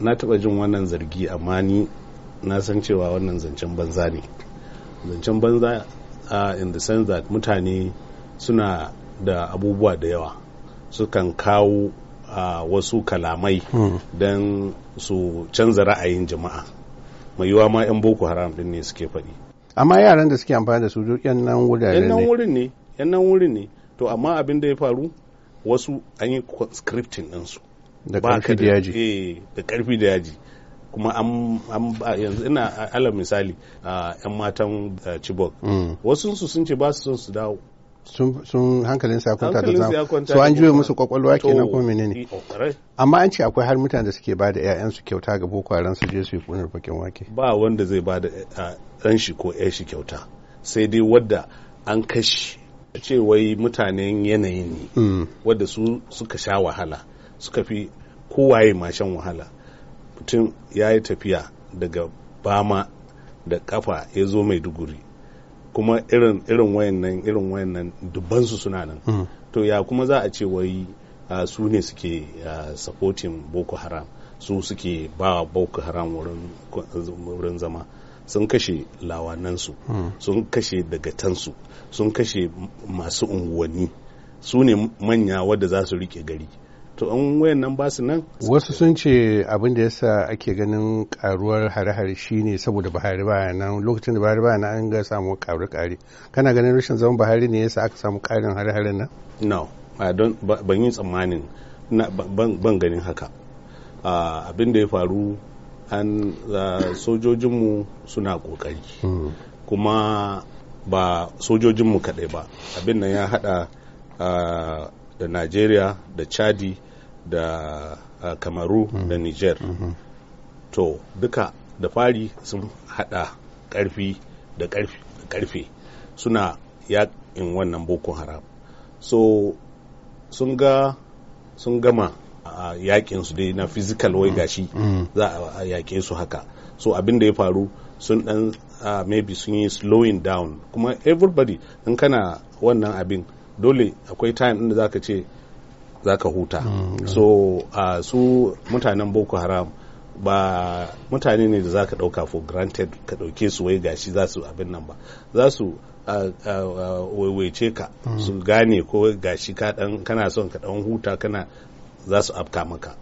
na taɓa jin wannan zargi amma ni na san cewa wannan zancen banza ne zancen banza in the sense that mutane suna da abubuwa da yawa sukan kawo uh, wasu kalamai hmm. don su canza ra'ayin jama'a mai yiwa ma 'yan boko haram din ne suke faɗi amma yaran da suke amfani da su duk yan nan ne wurin ne yan nan wurin ne to amma abin da ya faru wasu an yi scripting ɗinsu da karfi da yaji eh, da karfi da yaji kuma an yanzu ina alal misali a yan matan Chibok mm. wasu su sun ce ba su son su dawo sun hankalin sa kwanta da zamu su an juya musu kwakwalwa kenan ko menene oh, amma an ce akwai har mutane da suke bada ƴaƴan su kyauta ga boko su je su yi kunar bakin wake ba wanda zai bada ɗan shi ko ƴar shi kyauta sai dai wadda an kashi ce wai mutanen yanayi ne mm. wadda su suka sha wahala suka fi kowaye mashan wahala mutum ya yi tafiya daga bama da kafa ya zo mai duguri kuma irin irin wayannan irin wayannan dubbansu suna nan mm. to ya kuma za a ce wai su ne suke supporting boko haram su suke ba boko haram wurin zama sun kashe lawanansu mm. sun kashe dagatansu sun kashe masu unguwanni su ne manya wadda za su rike gari to an wayan nan ba su nan wasu sun ce abin da yasa ake ganin karuwar hare-hare shine saboda Buhari baya nan lokacin da Buhari baya nan an ga samu karu kare kana ganin rashin zaman Buhari ne yasa aka samu karin hare-hare nan no ban yi tsammanin ban ganin haka ah, abin da ya faru an ah, sojojinmu suna kokari hmm. kuma ba sojojinmu kaɗai ba abin nan ya haɗa ah, da nigeria da chadi da uh, kamaru mm-hmm. da niger mm-hmm. to duka da fari sun hada karfi da karfe suna yakin wannan boko haram so sun ga sun gama uh, yaƙinsu yakin su dai na physical wai mm-hmm. gashi mm za a uh, yake su haka so abin da ya faru sun dan uh, maybe sun yi slowing down kuma everybody in kana wannan abin dole akwai time inda zaka ce zaka huta mm, so uh, su mutanen boko haram ba mutane ne da zaka dauka for granted ka dauke su wai gashi za su abin nan ba za su waiwaice ka mm. su gane ko gashi ka kana son ka dan huta kana za su afka maka